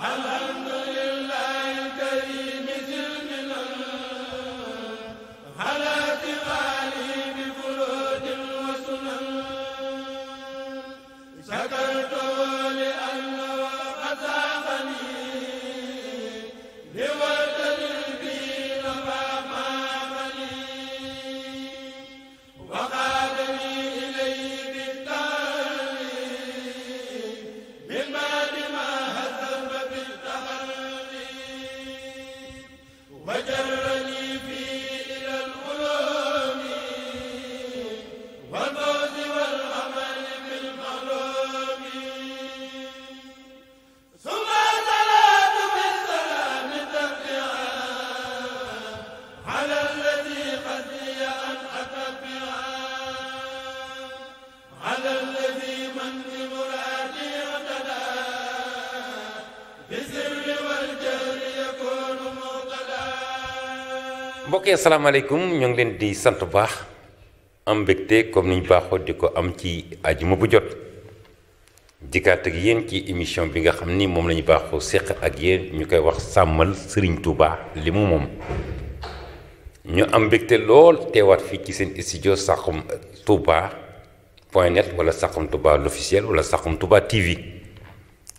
ha ok asalaamaaleykum ñoo ngi leen di sant bu baax am mbégte comme niñ baaxoo di ko am ci ajuma bu jot dikkaat ak yéen ci émission bi nga xam ni moom la baaxoo séq ak yéen ñu koy wax sàmmal sëriñ Touba li mu moom ñu am mbégte lool teewaat fii ci seen studio Saxum Touba point net wala Saxum Touba l'officiel wala Saxum Touba TV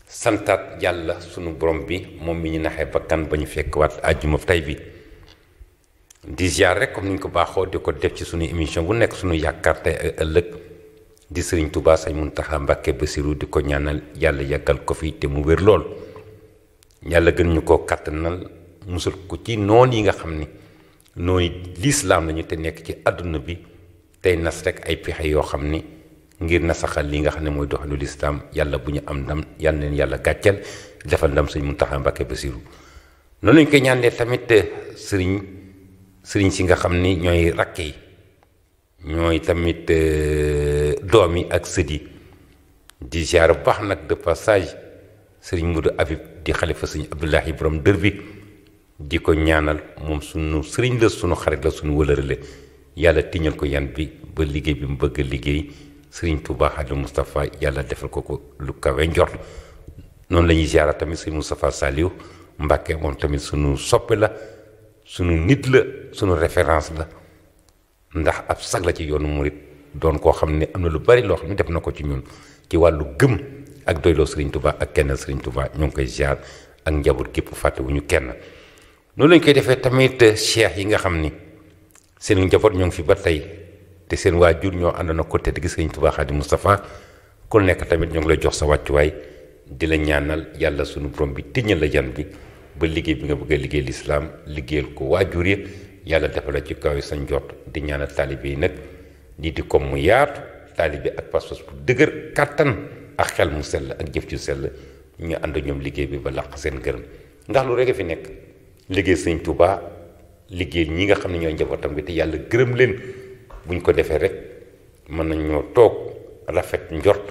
santaat yàlla sunu borom bi moom mi ñu naxee bakkan ba ñu fekk waat ajuma tey bi di rek comme ni ñu ko baaxoo di ko def ci suñu émission bu nekk suñu yaakaar tey ay ëllëg di sëriñ sañ mun Muntaxa Mbàkke Basiru di ko ñaanal yàlla yàggal ko fi te mu wér lool yàlla gën ñu koo kàttanal musul ko ci noon yi nga xam ni noonu lislaam lañu te nekk ci àdduna bi tey nas rek ay pexe yoo xam ni ngir nasaxal li nga xam ne mooy doxalu lislaam yàlla bu ñu am ndam yàlla leen yàlla gàcceel defal ndam Sëñ Muntaxa Mbàkke Basiru noonu sëriñ si nga xam ni ñooy rakk yi ñooy tamit euh, doom yi ak sët di ziar bu baax nag de passage sëriñ Mudu Abib di xalifa sëriñ Abdullahi borom dër bi di ko ñaanal moom sunu sëriñ la sunu xarit la sunu wëlërale yàlla tiñal ko yan bi ba liggéey bi mu bëgg a liggéey sëriñ Touba Hadj Moustapha yàlla defal ko ko lu kawe njort noonu lañuy ñuy tamit sëriñ Moustapha Saliou Mbàkke moom tamit sunu soppe la sunu nit la sunu référence la ndax ab sag la ci yoonu murit doon koo xam ne am na lu bari loo xam ne def na ko ci ñun ci wàllu gëm ak doyloo Serigne tubaax ak kenn Serigne Touba ñoo ngi koy ziar ak njaboot gépp fàtte wu ñu kenn. noonu lañ koy defee tamit cheikh yi nga xam ni seen njaboot ñoo ngi fi ba tey te seen waajur ñoo ànd na àndoon ak côté di Serigne Touba Xaadi Moustapha ku nekk tamit ñoo ngi lay jox sa wàccuwaay di la ñaanal yàlla sunu borom bi tiñal la jan ba liggéey bi nga bëgg liggéey lislaam liggéeyal ko jur yëpp yàlla dafa la ci kaw yi sa njot di ñaanal taalibe yi nag lii di ko mu yaatu taalibe ak pas-pas bu dëgër kàttan ak xel mu sell ak jëf ju sell ñu ànd ñoom liggéey bi ba làq seen gërëm ndax lu rek a fi nekk liggéey sëñ tubaa liggéey ñi nga xam ne ñooy njabootam bi te yàlla gërëm leen buñ ko defee rek mën nañoo toog rafet njort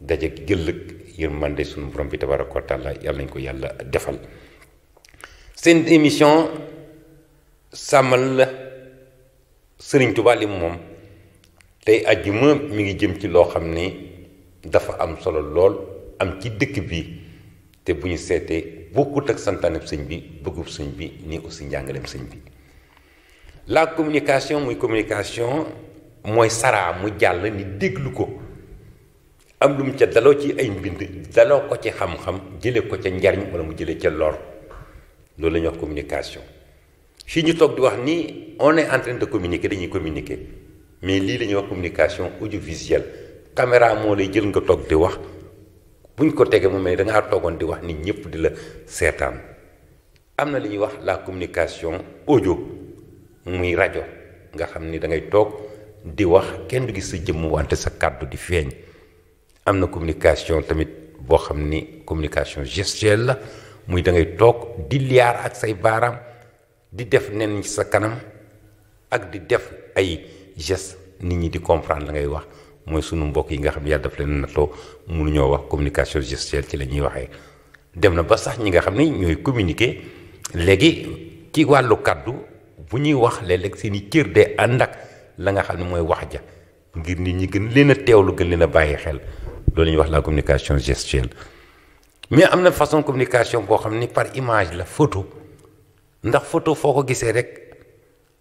daje gëllëg yërmande sunu borom bi tabaaraka wa taala yàlla nañ ko yàlla defal seen émission sàmmal la sëriñ Tuubaa li moom tey ajjuma mi ngi jëm ci loo xam ni dafa am solo lool am ci dëkk bi te bu ñu seetee bokkut ak santaaneb sëñ bi bëggub sëñ bi nii aussi njàngaleem sëñ bi la communication muy communication mooy saraa mu jàll ni déglu ko am lu mu ca daloo ci ay mbind daloo ko ci xam-xam jële ko ca njariñ wala mu jële ca lor loolu la ñuy wax communication fii ñu toog di wax nii on est de communiquer dañuy communiquer mais lii la ñuy wax communication audiovisuelle caméra moo lay jël nga toog di wax buñ ko tegee mu mel da ngaa toogoon di wax nit ñëpp di la seetaan am na li ñuy wax la communication audio muy rajo nga xam ni da ngay toog di wax kenn du gis sa jëmm wante sa kàddu di feeñ am na communication tamit boo xam ni communication gestuelle la. muy da ngay toog di liyaar ak say baaraam di def nen ci sa kanam ak di def ay geste nit ñi di comprendre la ngay wax mooy sunu mbokk yi nga xam yàlla daf leen nattoo mënuñoo wax communication gestuelle ci la ñuy waxee dem na ba sax ñi nga xam ne ñooy communiquer léegi ci wàllu kàddu bu ñuy wax léeg-léeg seen i cër dee ànd ak la nga xam ne mooy wax ja ngir nit ñi gën leen a teewlu gën leen a bàyyi xel loolu ñuy wax la communication gestuelle. mais am na façon communication boo xam ni par image la photo ndax photo foo ko gisee rek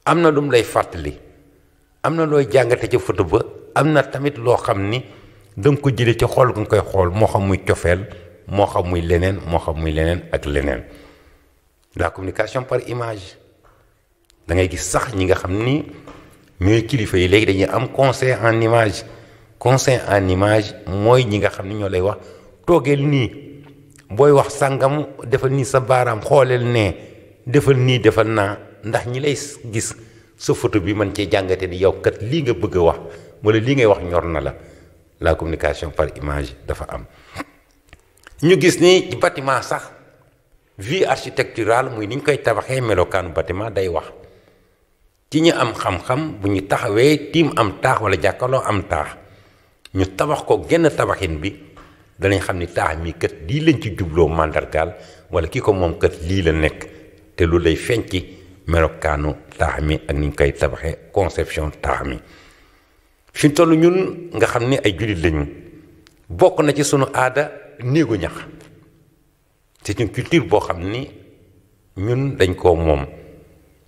am na lum lay fàttali am na looy jàngate ci photo ba am na tamit loo xam ni danga ko jëlee ci xool nga koy xool moo xam muy cofeel moo xam muy leneen moo xam muy leneen ak leneen la communication par image dangay gis sax ñi nga xam ni ñooy kilifa yi léegi dañuy am conseil en image conseil en image mooy ñi nga xam ni ñoo lay wax toogeel nii. booy wax sàngam defal nii sa baaraam xooleel ne defal nii defal naa ndax ñi lay gis sa photo bi man cee jàngate ni yow kat lii nga bëgg wax wala lii ngay wax ñor na la la communication par image dafa am. ñu gis ni ci sax vue architecturale muy niñ koy tabaxee melokaanu bâtiment day wax ci ñu am xam-xam bu ñu taxawee tiim am taax walla jàkkaloo am taax ñu tabax ko genn tabaxin bi. danañ xam ni taax mii kat lii lañ ci jubloo màndargaal wala kii ko moom kat lii la nekk te lu lay feeñ ci melokaanu taax mi ak ni ñu koy tabaxee conception taax mi fi ñu toll ñun nga xam ni ay jullit lañu bokk na ci suñu aada néegu ñax c'est une culture boo xam ni ñun dañ koo moom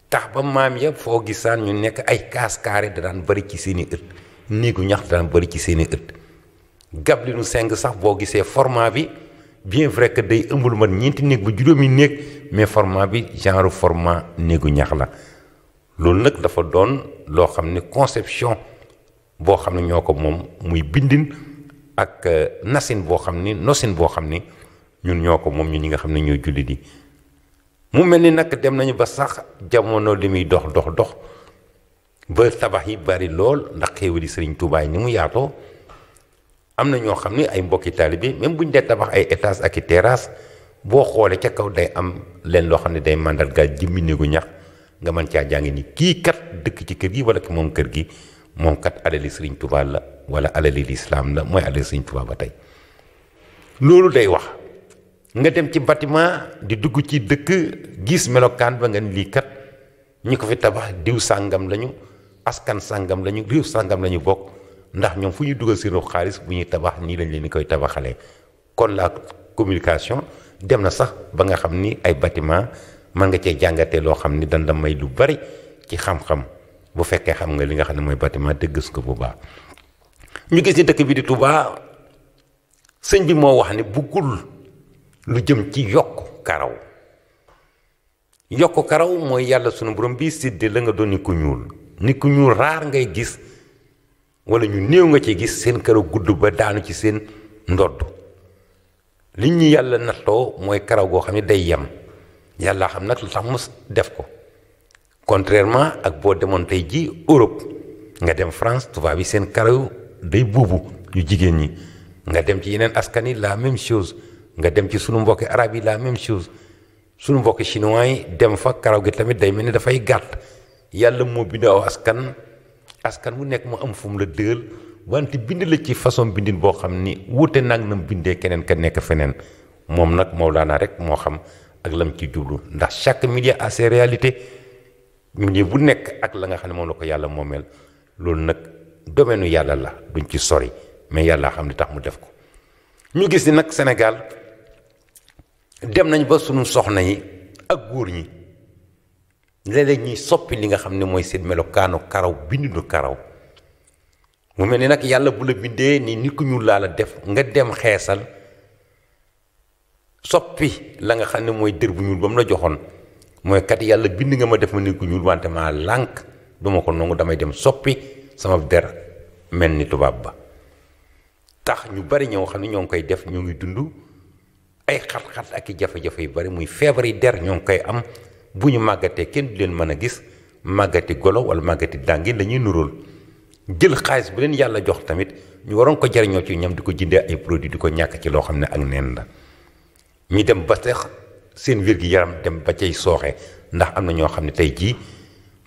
tax ba maam ya foo gisaan ñu nekk ay kaas da daan bari ci seeni ëtt néegu ñax danaan bari ci seeni ëtt gablinu seng sax boo gisee format bi bien vrai que day ëmb lu mat ñeenti néeg ba juróomi néeg mais format bi genre format néegu ñax la loolu nag dafa doon loo xam ne conception boo xam ne ñoo ko moom muy bindin ak euh, nasin boo xam ni nosin boo xam ni ñun ñoo ko moom ñun ñi nga xam ne ñoo julli di mu mel ni nag dem nañu ba sax jamono li dox dox dox ba tabax yi bari lool ndax xéewali sëriñ Tuubaa yi ni mu yaatoo am na ñoo xam ni ay mbokki taalibe même bu ñu dee tabax ay étages ak i terrasse boo xoolee ca kaw day am leen loo xam ne day màndargaal jëmmi néegu ñax nga mën caa jàngi ni kii kat dëkk ci kër gi wala ki moom kër gi moom kat alali Sëriñ Tuubaa la wala alali lislaam la mooy alali Sëriñ Tuubaa ba tey loolu day wax nga dem ci bâtiment di dugg ci dëkk gis melokaan ba nga ni lii kat ñi ko fi tabax diw sàngam lañu askan sàngam lañu diw sàngam lañu bokk ndax ñoom fu ñuy dugal seen xaalis bu ñuy tabax nii lañ leen di koy tabaxalee kon la communication dem na sax ba nga xam ni ay bâtiment man nga cee jàngatee loo xam ni dañ la may lu bari ci xam-xam bu fekkee xam nga li nga xam ne mooy bâtiment te gis ko bu baax. ñu gis ni dëkk bi di Touba sëñ bi moo wax bu gul lu jëm ci yokk karaw yokk karaw mooy yàlla sunu borom bii sidde la nga doon ni ku ñuul ni ku ñuul raar ngay gis. wala ñu néew nga ci gis seen karaw gudd ba daanu ci seen ndodd li ñu yàlla nattoo mooy karaw goo xam ne day yem yàlla xam nag lu tax mu def ko contrairement ak boo demoon tey ji Europe nga dem France tubaab yi seen karaw day buubu yu jigéen ñi nga dem ci yeneen askan yi la même chose nga dem ci sunu mbokki arab yi la même chose suñu mbokki chinois yi dem fa karaw gi tamit day mel ni dafay gàtt yàlla moo bind aw askan askan bu nekk mu am fu mu la dëgal wante bind la ci façon bindin boo xam ni wuute nag nam bindee keneen ka nekk feneen moom nag naa rek moo xam ak la mu ci jublu ndax chaque milieu a ses réalités bu nekk ak la nga xam ne moom la ko yàlla moomeel loolu nag domaine yàlla la duñ ci sori mais yàlla xam li tax mu def ko mu gis ni nag senegal dem nañ ba sunu soxna yi ak góor ñi léeg ñi soppi li nga xam ne mooy seen melokaanu karaw nu karaw mu mel ni nag yàlla bu la bindee ni nit ku ñuul laa la def nga dem xeesal soppi la nga xam ne mooy dër bu ñuul ba mu la joxoon mooy kat yàlla bind nga ma def ma nit ku ñuul wante maa lànk duma ko nangu damay dem soppi sama der mel ni tubaab ba tax ñu bari ñoo xam ne ñoo ngi koy def ñoo ngi dund ay xat-xat ak i jafe-jafe yu bari muy feebar yi der ñoo ngi koy am bu ñu màggatee kenn du leen mën a gis màggati golo wala màggati dàngin lañuy nuróol jël xaalis bu leen yàlla jox tamit ñu waroon ko jariñoo ci ñam di ko jëndee ay produit di ko ñàkk ci loo xam ne ak neen la ñu dem ba sax seen wér-gi-yaram dem ba cay sooxe ndax am na ñoo xam ne tey jii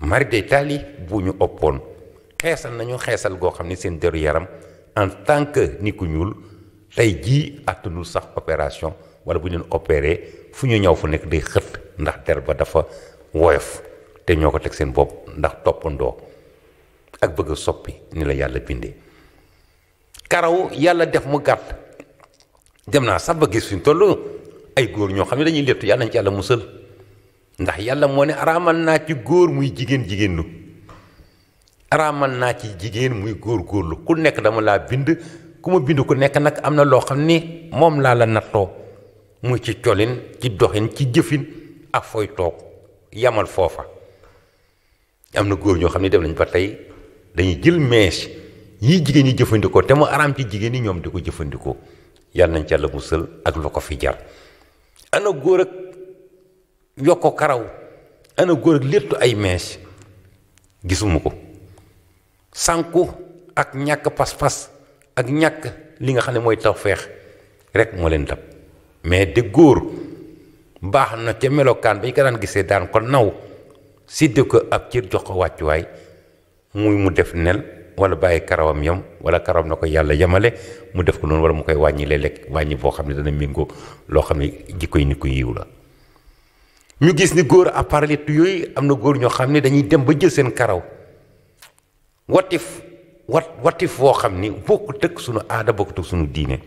mari day taali bu ñu oppoon xeesal nañu xeesal goo xam ne seen deru yaram en tant que ni ku ñuul tey jii àttanul sax opération wala bu ñu opeeree fu ñu ñëw fu nekk day xët ndax der ba dafa woyof te ñoo ko teg seen bopp ndax toppandoo ak bëgg soppi ni la yàlla bindee karaw yàlla def mu gàtt dem naa sax ba gis fi mu toll ay góor ñoo xam ne dañuy léttu yàlla nañ ci yàlla musal ndax yàlla moo ne araamal naa ci góor muy jigéen jigéen lu araamal naa ci jigéen muy góor góorlu ku nekk dama laa bind ku ma bind ku nekk nag am na loo xam ni moom laa la nattoo muy ci colin ci doxin ci jëfin ak fooy toog yamal foofa am na góor ñoo xam ne dem nañ ba tey dañuy jël mees yi jigéen ñi jëfandikoo te mu araam ci jigéen ñi ñoom di ko jëfandikoo yal nañ ca la musal ak lu ko fi jar ana góor ak yokko karaw ana góor ak léttu ay mees gisuma ko sànku ak ñàkk pas-pas ak ñàkk li nga xam ne mooy tawfeex rek moo leen dab mais de góor baax na ca melokaan bi ñu ko daan gisee daan ko naw siddi ko ab cir jox ko wàccuwaay muy mu def nen wala bàyyi karawam yam wala karawam na ko yàlla yemale mu def ko noonu wala mu koy wàññi lekk wàññi boo xam ne dana méngoo loo xam ne jikko yi nit ku yiw la ñu gis ni góor à part létt yooyu am na góor ñoo xam ne dañuy dem ba jël seen karaw watif wat watif foo xam ni bokkut ak sunu aada bokkut ak sunu diine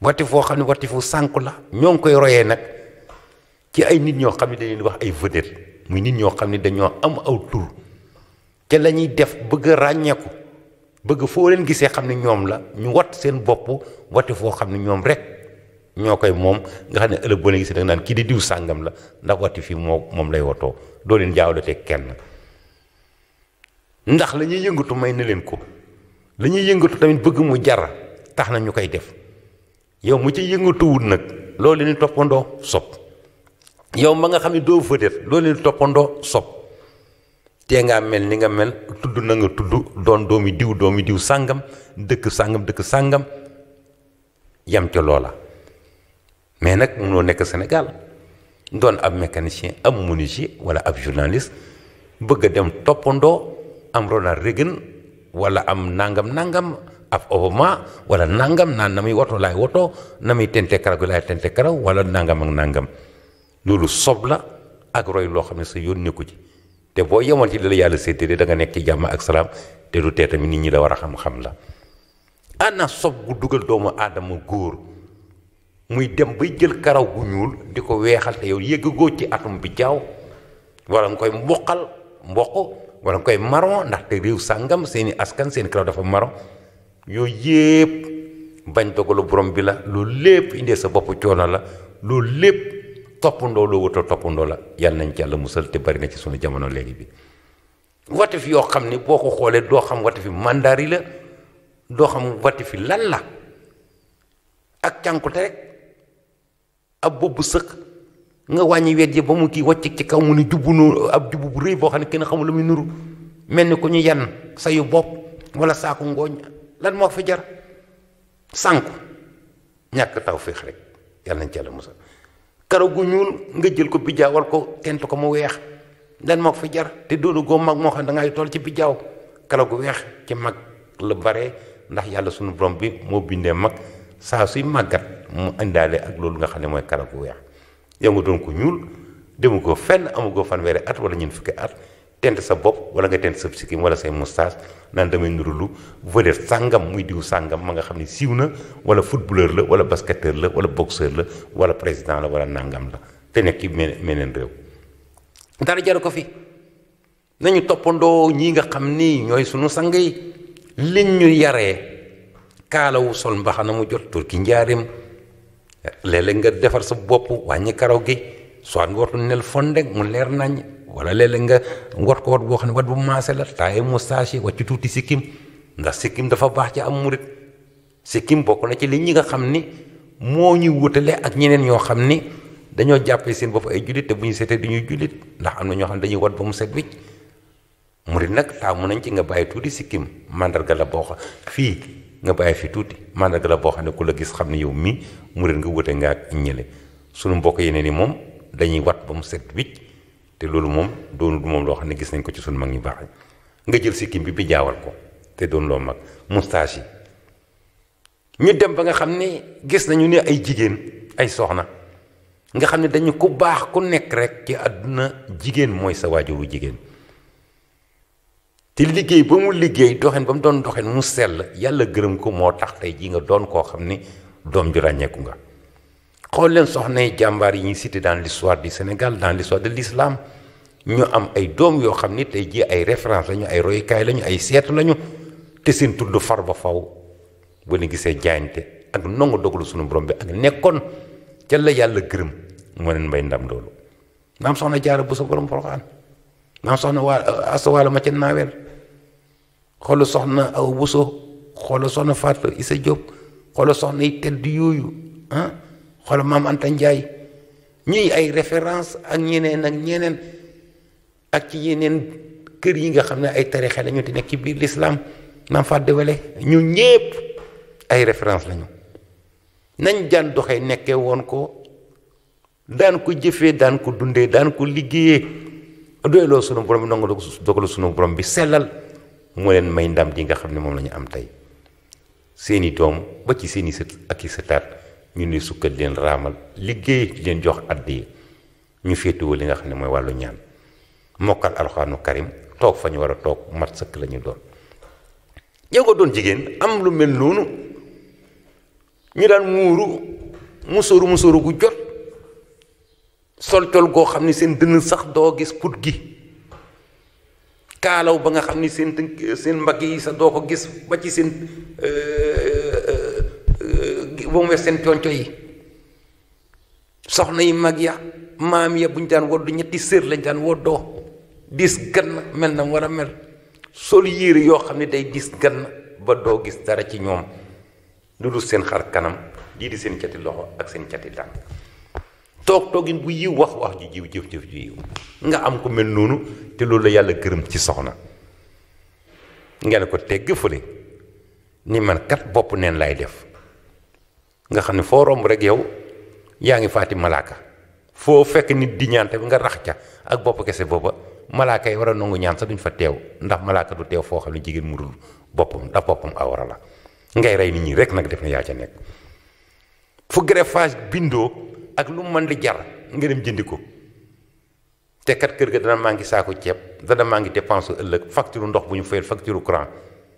watif foo xam ne fu sànku la ñoo ngi koy royee nag ci ay nit ñoo xam ne dañuy wax ay vedette muy nit ñoo xam ne dañoo am aw tur te la ñuy def bëgg ràññeeku bëgg foo leen gisee xam ne ñoom la ñu wat seen bopp wati foo xam ne ñoom rek ñoo koy moom nga xam ne ëllëg da naan kii di diw sàngam la ndax wati moo moom lay watoo doo leen jaawle te kenn ndax la yëngatu may na leen ko la ñuy yëngatu tamit bëgg mu jara tax na ñu koy def yow mu ci yëngatuwul nag loolu leen toppandoo sopp yow ma nga xam ne doo fa def loolu leen toppandoo sopp te ngaa mel ni nga mel tudd nanga tudd doon doomi diw doomi diw sàngam dëkk sangam dëkk sangam yam ca loola mais nag munoo nekk Sénégal doon ab mécanicien ab menuisier wala ab journaliste bëgg a dem toppandoo am Ronald Reagan wala am nangam nangam ab obama wala nangam naan na muy woto laay woto na muy tente karaw laay tente karaw wala nangam ak nangam loolu sob la ak roy loo xam ne sa yoon nekku ci te boo yemoon ci dala yàlla séddale da nga nekk ci jàmm ak salaam te du tee tamit nit ñi la war a xam-xam la ana sob gu dugal doomu aadama góor muy dem bay jël karaw gu ñuul di ko weexal te yow yëggagoo ci atum bi jaaw walla nga koy mboqal mboq wala nga koy maron ndaxte réew sàngam seeni askan seen karaw dafa maron yooyu yépp bañ dogalu borom bi la loolu lépp indee sa bopp coono la loolu lépp toppandoo loo wut a toppandoo la yàlla nañ ci yàlla musal te bari na ci sunu jamono léegi bi watif yoo xam ni boo ko xoolee doo xam watifi mandari la doo xam fi lan la ak cànkute rek ab boobu sëq nga wàññi wet yi ba mu kii wàcc ci kaw mu ni jubbu nu ab jubbu bu rëy boo xam ne kenn xamul lu muy nuru mel ni ku ñu yan sayu bopp wala saaku ngooñ lan moo fi jar sànku ñàkk taw féex rek yàlla nañ ci yàlla musal karaw gu ñuul nga jël ko bijaawal ko tent ko mu weex lan moo fi jar te doonu goo mag moo xam da ngay tool ci bijaaw karaw gu weex ci mag la bare ndax yàlla sunu borom bi moo bindee mag saa suy màggat mu indaale ak loolu nga xam ne mooy karaw gu weex yow nga doon ko ñuul demu ko fenn amu ko fanweeri at wala ñun fukki at tent sa bopp wala nga tent sa sikkim wala say moustache naan damay nurulu vedette sàngam muy diw sàngam ma nga xam ne siiw na wala footballeur la wala basketteur la wala boxeur la wala président la wala nangam la te nekk ci meneen réew dara jar ko fi nañu toppandoo ñii nga xam ni ñooy sunu sang yi liñ ñu yaree kaalawu sol mbaxana mu jot tur ki njaarim léeg nga defar sa bopp wàññi karaw gi soit nga wartu nel fonde mu leer nañ wala léeg-léeg nga wat ko wat boo xam ne wat bu maase la taaye moustache wàcc tuuti sikkim ndax sikkim dafa baax ci am murit sikkim bokk na ci li ñi nga xam ni moo ñu wutale ak ñeneen ñoo xam ni dañoo jàppee seen bopp ay jullit te bu du ñuy jullit ndax am na ñoo xam ne dañuy wat ba mu set wicc murit nag taamu nañ ci nga bàyyi tuuti sikkim mandarga la boo xam fii nga bàyyi fi tuuti mandarga la boo xam ne ku la gis xam ne yow mii murit nga wute nga ak ñële sunu mbokk yeneen yi moom dañuy wat ba mu set wicc te loolu moom doonul moom loo xam ne gis nañ ko ci suñu mag ñu baax nga jël si sikkim bi bi jaawal ko te doon loo mag moustache yi ñu dem ba nga xam ni gis nañu ne ay jigéen ay soxna nga xam ne dañu ku baax ku nekk rek ci àdduna jigéen mooy sa waajuru jigéen te liggéey ba mu liggéey doxin ba mu doon doxin mu sell yàlla gërëm ko moo tax tey jii nga doon koo xam ne doom ju ràññeeku nga xool leen soxna yi jàmbaar yi ñuy cité dans l'histoire du Sénégal dans l'histoire de l'islam ñu am ay doom yoo xam ni tey jii ay référence lañu ay royukaay lañu ay seetu lañu te seen tudd far ba faw bu ne gisee jaañte ak nongu dogalu sunu borom bi nekkoon ca la yàlla gërëm moo leen may ndam loolu naam soxna jaara bu sa borom Poroxaan naam soxna waa asawaala ma ca naaweel xoola soxna buso xoola soxna Fatou Issa Diop xoola soxna yi tedd yooyu ah. xoola maam Anta Njaay ñuy ay référence ak ñeneen ak ñeneen ak ci yeneen kër yi nga xam ne ay tarixe la ñu te nekk biir lislaam naam fàddewale ñu ñépp ay référence lañu nañ daan doxe nekkee woon ko daan ko jëfee daan ko dundee daan ko liggéeye doyloo sunu borom bi nangu dogalu sunu borom bi sellal moo leen may ndam ji nga xam ne moom lañu am tey seeni doom ba ci seeni sët ak i sëtaat ñu ni sukkat leen raamal liggéey leen jox addi ñu féetewoo li nga xam ne mooy wàllu ñaan mokkal alxuraanu karim toog fa ñu war a toog mat sëkk la doon yow am lu mel noonu ñu daan muuru musóoru musóoru gu jot sol col goo xam ni seen dënn sax doo gis put gi kaalaw ba nga xam ni seen seen mbagg yi sax doo ko gis ba ci seen euh, ba mu wees seen conco yi soxna yi mag ya maam ya bu ñu daan woddu ñetti sër lañ daan woddoo diis gann mel na war a mel sol yére yoo xam ne day diis gann ba doo gis dara ci ñoom lu dul seen xar kanam lii di seen cati loxo ak seen cati tànk toog toogin bu yiw wax wax ju jiw jëf jëf nga am ko mel noonu te loolu la yàlla gërëm ci soxna nga ko tegg fële ni man kat bopp neen lay def nga xam ne foo romb rek yow yaa ngi faati malaaka foo fekk nit di ñaan bi nga rax ca ak bopp kese booba malaaka yi war a nangu ñaan sax duñ fa teew ndax malaaka du teew foo xam ne jigéen mu dul boppam ndax boppam awara la ngay rey nit ñi rek nag def na yaa ca nekk fu greffage bindoo ak lu mën di jar nga dem jëndi ko te kat kër ga dana maa ngi saako ceeb dana maa ngi dépense ëllëg facture ndox bu ñu fayal facture courant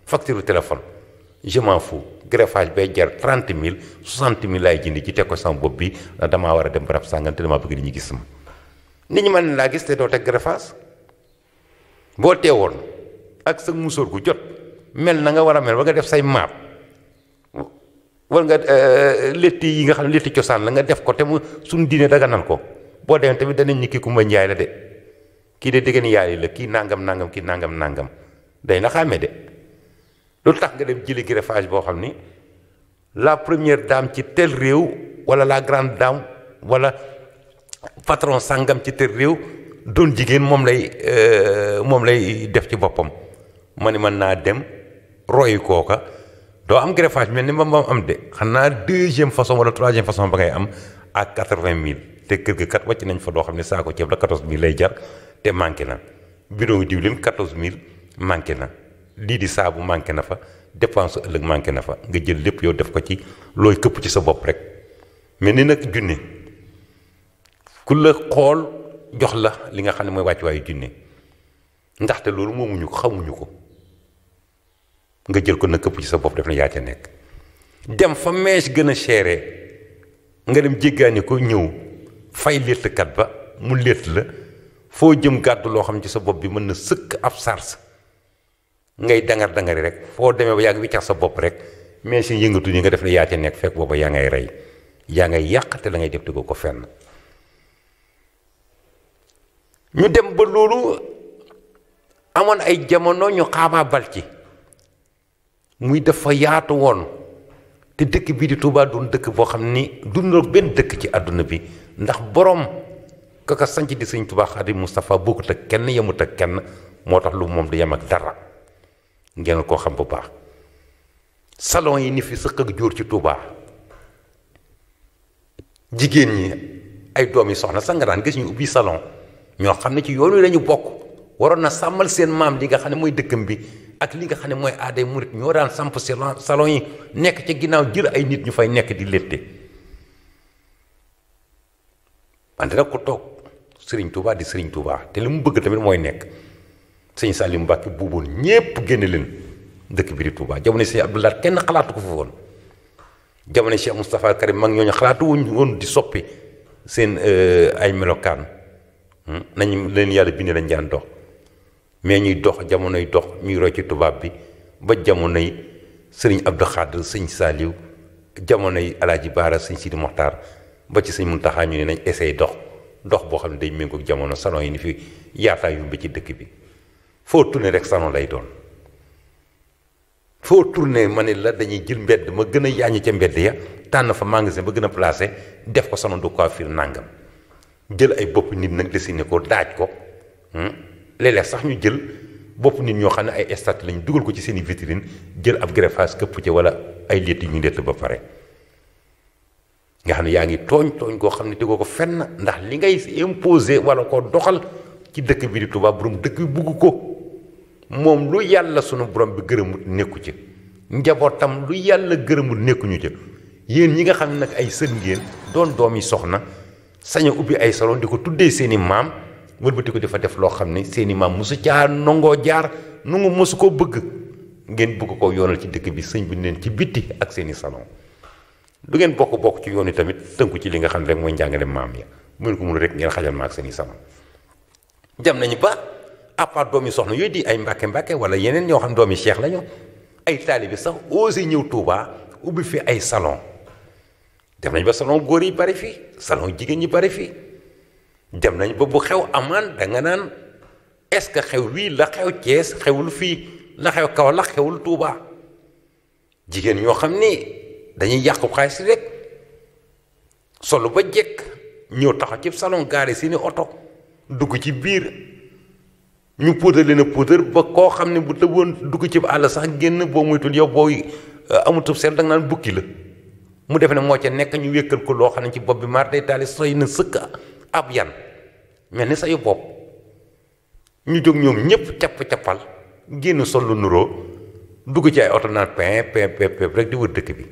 facture téléphone je m'en fous greffage bay jar 30 000 60 000 laay jënd ci teg ko sama bopp bi damaa war a dem barab sàngam te damaa bëgg di ñu gis ma nit ñi mën laa gis te doo teg greffage boo teewoon ak sa musóor gu jot mel na nga war a mel ba nga def say maap war nga euh, létt yi nga xam ne cosaan la nga def ko te mu suñu diine nal ko boo demee tamit danañ ñi kii Kumba Njaay la de kii de dégg yaay la kii nangam nangam kii nangam nangam day na lu tax nga dem jëli greffage boo xam ni la première dame ci tel réew wala la grande dame wala patron sangam ci tel réew doon jigéen moom lay euh, moom lay def ci boppam ma ne mën naa dem royi kooka doo am greffage mel ni ma ma am de xanaa deuxième façon wala troisième façon ba ngay am ak quatre-vingt mille te kër gi kat wàcc nañ fa doo xam ne saako ceeb la quatorze mille lay jar te manqué na bidon diwlin quatorze mille manqué na lii di saabu manqué na fa dépense ëllëg manqué na fa nga jël lépp yow def ko ci looy këpp ci sa bopp rek mel ni nag junne ku la xool jox la li nga xam ne mooy wàccuwaayu junne ndaxte loolu moomuñu xamuñu ko nga jël ko na këpp ci sa bopp def na yaa ca nekk dem fa mees gën a seere nga dem jéggaani ko ñëw fay kat ba mu létt la foo jëm gàddu loo xam ci sa bopp bi mën na sëkk ab sars ngay dangar dangari rek foo demee ba yàgg wiccax sa bopp rek mais si yëngatu ñi nga def ne yaa ca nekk fekk booba yaa ngay rey yaa ngay yàq te la ngay def tëggoo ko fenn ñu dem ba loolu amoon ay jamono ñu xaamaa bal ci muy dafa yaatu woon te dëkk bii di Touba doon dëkk boo xam ni dundal benn dëkk ci àdduna bi ndax borom kaka sanc di sëñ Touba Xaadimu Mustafaa bokkut ak kenn yemut ak kenn moo tax lu moom du yem ak dara ngeen koo xam bu baax salon yi ni fi sëq ak jóor ci Touba jigéen ñi ay doom yi soxna sax nga daan gis ñu ubbi salon ñoo xam ne ci yoonu lañu bokk waroon na sàmmal seen maam li nga xam ne mooy dëkkam bi ak li nga xam ne mooy aaday murit ñoo daan samp salon salon yi nekk ci ginnaaw jël ay nit ñu fay nekk di létte wante nag ko toog sëriñ Touba di sëriñ Touba te li mu bëgg tamit mooy nekk sëñ Saliou Mbacke buuboon ñépp génne leen dëkk bi biir Touba jamono sëñ Abdoulaye kenn xalaatu ko fa woon jamono Cheikh Moustapha Karim mag ñooñu xalaatu wuñ woon di soppi seen euh, ay melokaan hmm? nañ leen yàlla bindee lañ daan dox mais ñuy dox jamonoy dox ñuy roy ci tubaab bi ba jamonoy sëriñ Abdou Khadre sëñ Saliou jamonoy Alaaji Baara sëñ Sidi Moxtaar ba ci sëñ Muntaxa ñu ne nañ essayé dox dox boo xam ne day méngoog jamono salon yi ni fi yaataayu ba ci dëkk bi foo tourné rek salon lay doon foo turne ma ne la dañuy jël mbedd ma gën a yaañu ca mbedd ya tànn fa magasin ba gën a placé def ko salon de coiffure nangam jël ay bopp nit nag dessiné ko daaj ko hmm? léeg sax ñu jël bopp nit ñoo xam ne ay statue lañ dugal ko ci seen i vitrine jël ab greffage këpp ci wala ay létt yu ñu létt ba pare nga xam ne yaa ngi tooñ tooñ koo xam ne tegoo ko fenn ndax li ngay imposé wala ko doxal ci dëkk bi di Tuubaa dëkk bi ko moom lu yàlla sunu borom bi gërëmul nekku ci njabootam lu yàlla gërëmul nekkuñu ca yéen ñi nga xam ne nag ay sët ngeen doon yi soxna sañ a ubbi ay salon di ko tuddee seeni maam wëlbati ko dafa def loo xam ne seen i maam mosu caa nangoo jaar nu nga mosu ko bëgg ngeen bëgg ko yoonal ci dëkk bi sëñ bi neen ci bitti ak seen i salon du ngeen bokk bokk ci yoon yi tamit tënku ci li nga xam ne rek mooy njàngale maam yi mu ko mun rek ngeen xajal ma ak seen i salon à doom yi soxna yooy di ay mbàkke mbàkke wala yeneen ñoo xam doomi cheikh la ñu ay taalibe sax osé ñëw Touba ubbi fi ay salon dem nañ ba salon góor yi bari fii salon jigéen ñi bari fii dem nañ ba bu xew amaan da nga naan est-ce que xew wii la xew Thiès xewul fii la xew Kaolack xewul Touba jigéen ñoo xam ni dañuy yàqu xaalis rek solu ba jekk ñëw taxaw ci salon gaare seeni oto dugg ci biir. ñu puudar leen a puudar ba koo xam ne bu tëboon dugg ci àll sax génn boo muy muytul yow boo euh, amutu seet da nga naan bukki la mu defe ne moo ca nekk ñu wékkal ko loo xam ne ci bopp bi maar day taali soy na sëkk ab yan mel ni sayu bopp ñu jóg ñoom ñëpp capp-cappal génn sollu nuroo dugg ci oto naan pin pin pin dëkk bi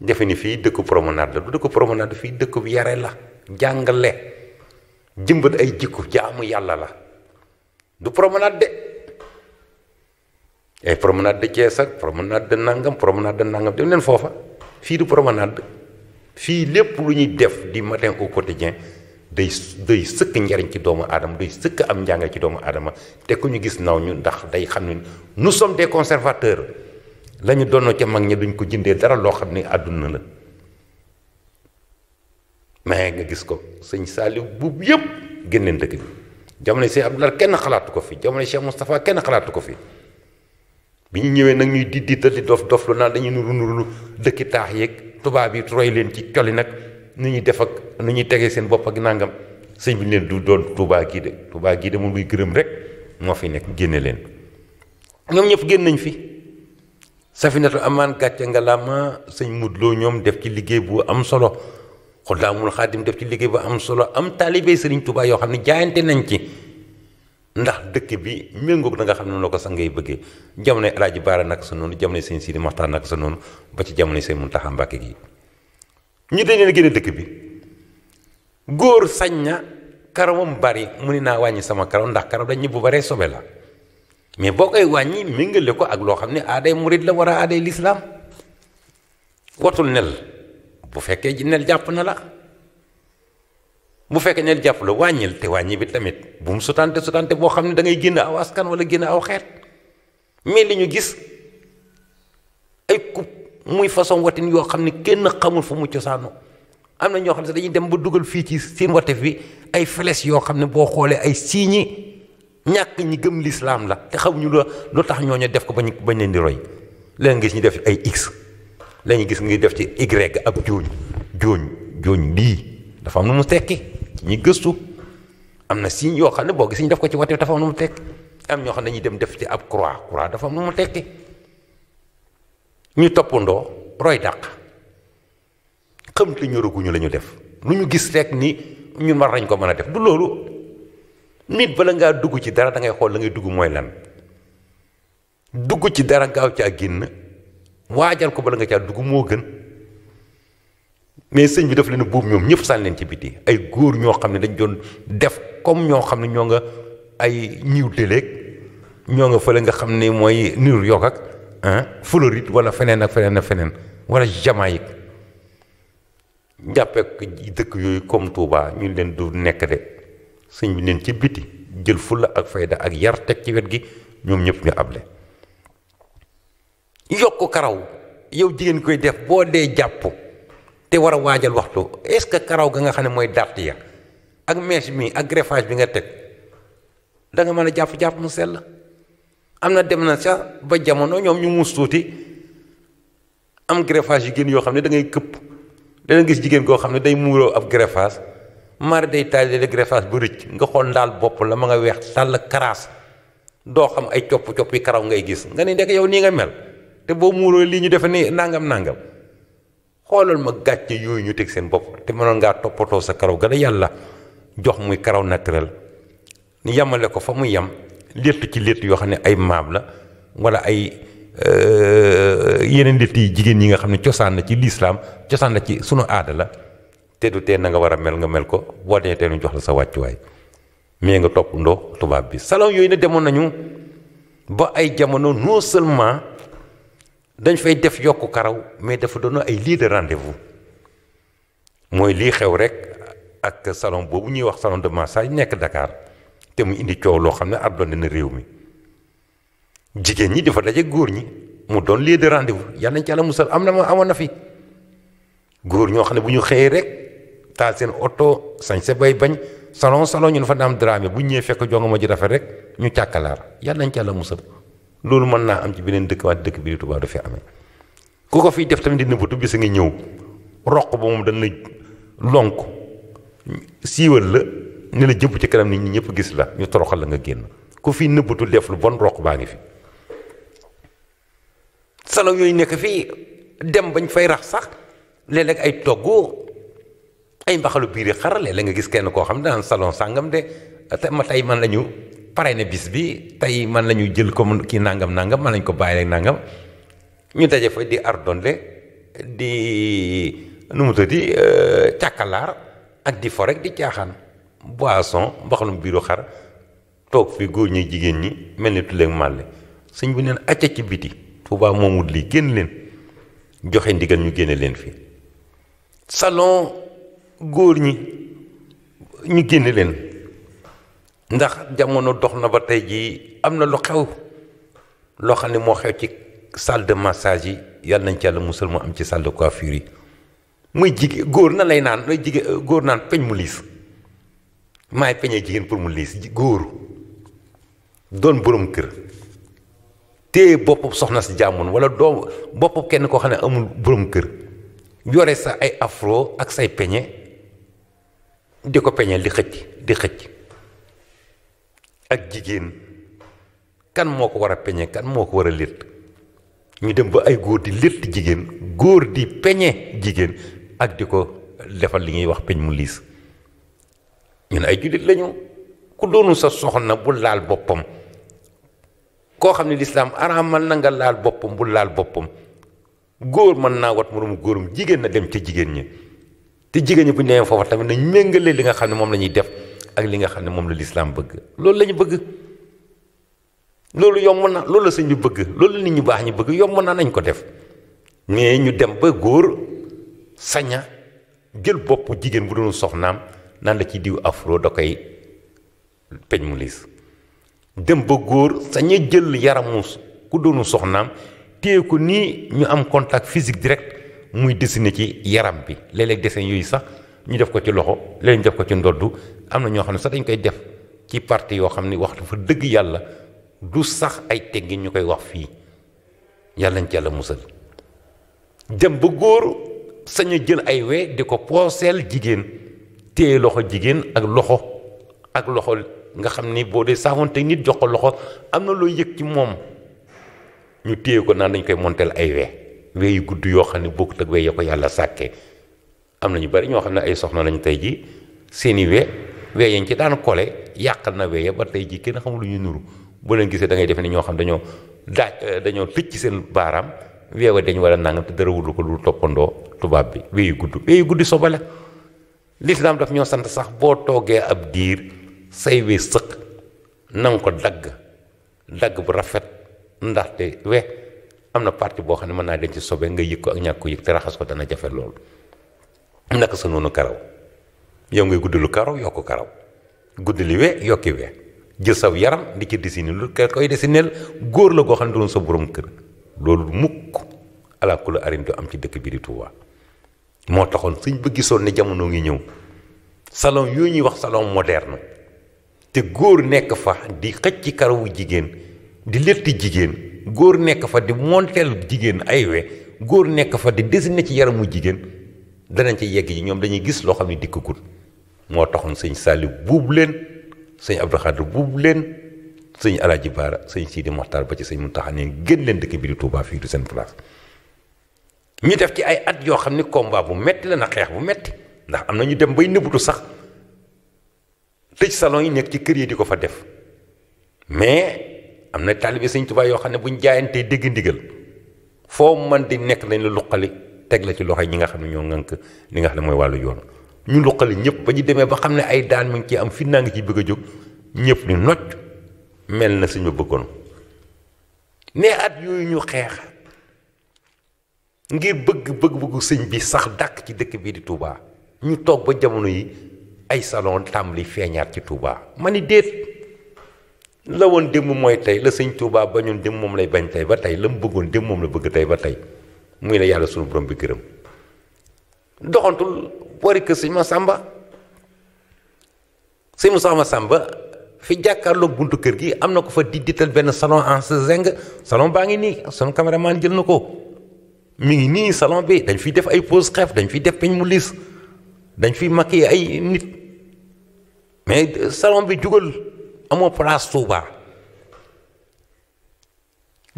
defe ni fii dëkku promenade la du dëkku promenade fii dëkku bi yare la jàngale jëmbat ay jikko jaamu yàlla la du promenade de ay eh, promenade de Thiès ak promenade de nangam promenade de nangam dem leen foofa fii du promenade fii lépp lu ñuy def di matin au quotidien day day sëkk njariñ ci doomu aadama day sëkk am njànga ci doomu aadama te ku ñu gis naw ñu ndax day xam ne nous sommes des conservateurs la ñu ca mag ña duñ ko jëndee dara loo xam ne àdduna la mais nga gis ko sëñ Saliou buub yépp génneen dëkk bi jamono Cheikh Abdoulaye kenn xalaatu ko fi jamono Cheikh Moustapha kenn xalaatu ko fi bi ñu ñëwee nag ñuy di di di dof dof lu naan dañuy nuru nuru dëkki taax yeeg tubaab yi roy leen ci coli nag nu ñu def ak nu ñuy tegee seen bopp ak nàngam sëñ bi leen du doon Touba gii de Touba gii de moom luy gërëm rek moo fi nekk génne leen ñoom ñëpp génn nañ fi safinatu amaan gàcce nga la ma sëñ mudloo ñoom def ci liggéey bu am solo xuddaamul xaadim def ci liggéey ba am solo am taalibe sëriñ tubaay yoo xam ne jaayante nañ ci ndax dëkk bi méngoog na nga xam ne noonu la ko sangay bëggee jamonoy Alaaji Baara nag sa noonu jamonoy sëñ Sidi Maxtaar nag sa noonu ba ci jamonoy sëñ Muntaxa Mbàkke yi ñu dañ leen génne dëkk bi góor sañ na karawam bari mu ne naa wàññi sama karaw ndax karaw dañ ñi bu baree sobe la mais boo koy wàññi méngale ko ak loo xam ne aaday murid la war a aaday lislaam watul nel bu fekkee nel jàpp na la bu fekkee nel jàpp la wàññil te wàññi tamit bu mu sotaante sutante boo xam ne dangay ngay génn aw askan wala génn aw xeet mais li ñu gis ay coup muy façon watin yoo xam ne kenn xamul fa mu cosaanoo am na ñoo xam ne dañuy dem ba dugal fii ci seen watef bi ay flèches yoo xam ne boo xoolee ay signes ñàkk ñi gëm lislaam la te xamuñu lu tax ñooñu def ko bañ bañ leen di roy leen gis ñu def ay x lañu gis ngi def ci Y ab juuñ juuñ juuñ lii dafa am nu mu tekki ñi gëstu am na signe yoo xam ne boo gis ñu def ko ci wate dafa nu mu tekki am xam ne dañuy dem def ci ab croix croix dafa am nu mu tekki ñu toppandoo roy dàq xam te ñoraguñu la ñu def lu ñu gis rek ni ñun war nañ ko mën a def du loolu nit bala ngaa dugg ci dara da ngay xool la ngay dugg mooy lan dugg ci dara gaaw ci ak génn waajal ko bala nga caa dugub moo gën mais sëñ bi daf leen a buub ñoom ñëpp sànni leen ci biti ay góor ñoo xam ne dañ doon def comme ñoo xam ne ñoo nga ay ñiw déléeg ñoo nga fële nga xam ni mooy New York ak it wala feneen ak feneen ak feneen wala Jamaïque jàppee dëkk yooyu comme Touba ñu leen du nekk de sëñ bi leen ci biti jël fulla ak fayda ak yar teg ci wet gi ñoom ñëpp ñu able yokk karaw yow jigéen koy def boo dee jàpp te war a waajal waxtu est que karaw ga nga xam ne mooy dàtt ya ak mèche mi ak greffage bi nga teg da nga mën a jàpp jàpp mu sell am na dem na sax ba jamono ñoom ñu muus suuti am greffage yu gën yoo xam ne da ngay këpp dana gis jigéen koo xam ne day muuroo ab greffage mari day taali de greffage bu rëcc nga xool ndaal bopp la ma nga weex sàll karaas doo xam ay copp-coppi karaw ngay gis nga ne ndekk yow nii nga mel te boo muuroo lii ñu defe nii nangam nangam xoolal ma gàcce yooyu ñu teg seen bopp te mënoon ngaa toppatoo sa karaw gën yàlla jox muy karaw naturel ni yamale ko fa mu yam létt ci létt yoo xam ne ay maam la wala ay euh, yeneen létt yi jigéen yi nga xam ne cosaan na ci lislaam cosaan na ci sunu aadala te du tee na nga war a mel nga mel ko boo dee tee nu jox la sa wàccuwaay mais nga topp ndoo tubaab bi salon yooyu ne demoon nañu ba ay jamono non dañ fay def yokk karaw mais dafa doon ay lieu de rendez mooy lii xew rek ak salon boobu ñuy wax salon de massage nekk dakaar te mu indi coow loo xam ne abdoon na réew mi jigéen ñi dafa daje góor ñi mu doon lieu de rendez-vous yal nañ ci yàlla musal am na ma amoon na fi góor ñoo xam ne bu ñu xëyee rek taal seen oto sañ sa bay bañ salon salon ñu ne fa daam drame bu ñëwee fekk jonga ji rafet rek ñu càkkalaar yal nañ ci yàlla musal. loolu mën naa am ci beneen dëkk waat dëkk bi Tuubaa du fi amee ku ko fiy def tamit di nëbbatu bis nga ñëw roq ba moom dana lonk siiwal la ne la jëpp ci kanam nit ñi ñëpp gis la ñu toroxal la nga génn ku fi nëbbatu def lu bon roq baa ngi fi salaw yooyu nekk fii dem bañ fay rax sax léeg ay togg ay mbaxalu biir yi xarale la nga gis kenn koo xam ne daan salon sàngam de ma tey man lañu pare na bis bi tey man la jël comme kii nangam nangam man lañ ko bàyyi rek nangam ñu daje fa di ardonde di nu di tëddi euh, càkkalaar ak di fo rek di caaxaan boisson mbaxalum biiru xar toog fi góor ñi jigéen ñi mel ni tuleeg màlle sëñ bi neen acca ci biti Tuubaa moomul lii génn leen joxe ndigal ñu génne leen fii salon góor ñi ñu génne leen ndax jamono dox na ba tey jii am na lu xew loo xam ne moo xew ci sald massage yi yàlla nañ ci yàlla musal mu am ci salle de coiffure yi muy jigéen góor na lay naan lay jig góor naan peñ mu liis maay peñee jigéen pour mu liis góor doon borom kër te bopp soxna si jàmmoon wala doo boppu kenn koo xam ne amul borom kër yore sa ay afro ak say peñe di ko peñe di xëcc di xëcc ak jigéen kan moo ko war a peñe kan moo ko war a létt ñu dem ba ay góor di létt jigéen góor di peñe jigéen ak di ko defal li ñuy wax peñ mu liis ñu ne ay jullit lañu ku doonu sa na bu laal boppam koo xam ne lislaam araamal na nga laal boppam bu laal boppam góor man naa wat moromu góorum jigéen na dem ca jigéen ñi te jigéen ñi bu ñu demee foofa tamit nañ méngale li nga xam ne moom la ñuy def ak li nga xam ne moom la lislaam bëgg loolu lañu bëgg loolu yomb na loolu la sëñ bi bëgg loolu nit ñu baax ñu bëgg yomb na nañ ko def mais ñu dem ba góor saña jël bopp jigéen bu doon soxnaam naan la ci diw afro da koy peñ mu liis dem ba góor saña jël yaramu ku doonu soxnaam téye ko nii ñu am contact physique direct muy dessiné ci yaram bi léeg-léeg dessin yooyu sax ñu def ko ci loxo leen def ko ci ndoddu am na ñoo xam ne sax dañ koy def ci parti yoo xam ne wax dafa dëgg yàlla du sax ay teggin ñu koy wax fii yàlla nañ ci yàlla musal dem ba góor sañu jël ay we di ko pooseel jigéen téye loxo jigéen ak loxo ak loxo nga xam ni boo dee saafoon te nit jox ko loxo am na loo yëg ci moom ñu téye ko naan dañ koy monteel ay we we yu gudd yoo xam ne boo ko teg we ya ko yàlla sàkke am na ñu bari ñoo xam ne ay soxna lañu tey ji seeni we we yañ ci daan kole yàqal na weye ba tey ji kenn xamul lu ñu nuru boo leen gisee dangay defe ne ñoo xam dañoo daaj eh, dañoo tëj ci seen baaraam weewa dañ war a nangam te dara wul ko lu toppandoo tubaab bi weeyu gudd weeyu gudd sobale lislaam daf ñoo sant sax boo toogee ab diir say we sëq na ko dagg dagg bu rafet ndaxte we am na parti boo xam ne mën naa denc sobe nga yëg ko ak ñàkk ko yëg te raxas ko dana naka sa noonu karaw yow ngay guddalu karaw yokk karaw guddali we yokki we jël saw yaram di ci dessiner lu koy dessinel góor la goo xam ne doon sa borom kër loolu mukk ala kula arim am ci dëkk bi di Touba moo taxoon suñ bëgg soon ne jamono ngi ñëw salon yooyu ñuy wax salon moderne te góor nekk fa di xëcc karawu jigéen di létti jigéen góor nekk fa di monteel jigéen ay we góor nekk fa di dessiner ci yaramu jigéen danañ ca yegg yi ñoom dañuy gis loo xam ne dikkagul moo taxoon sëñ Saliou buub leen sëñ Abdou Khadre buub leen sëñ Alaaji Baara sëñ Sidi Moxtaar ba ci sëñ Muntaxa ne gën leen dëkk bi di Touba fii du seen place ñu def ci ay at yoo xam ni combat bu metti la na xeex bu metti ndax am na ñu dem bay nëbbutu sax tëj salon yi nekk ci kër yi di ko fa def mais am na taalibe sëñ tubaay yoo xam ne buñ jaayantee dégg ndigal foo man di nekk lañ la luqali teg la ci loxo ñi nga xam ne ñoo ŋànk ni nga xam ne mooy wàllu yoon ñu luqali ñëpp ba ñu demee ba xam ne ay daan mu ngi ciy am fi naa ngi ciy bëgg a jóg ñëpp ni nocc mel na suñ ma bëggoon ne at yooyu ñu xeex ngir bëgg bëggu sëñ bi sax dàkk ci dëkk bii di tuubaa ñu toog ba jamono yi ay salon tàmbali feeñaat ci Touba ma ni déet la woon démb mooy tey la sëñ Touba bañoon démb moom lay bañ tey ba tey la mu bëggoon démb moom la bëgg tey ba tey muy la yàlla sunu borom bi gërëm doxantul boori kër sëñ ma sàmba si mu sax ma sàmba fi jàkkaarloog buntu kër gi am na ko fa di dital benn salon en zinc salon baa ngi nii sunu caméraman jël na ko mu ngi nii salon bi dañ fiy def ay pose xeef dañ fiy def peñ mu liis dañ fiy maquiller ay nit mais salon bi jugal amoo place Touba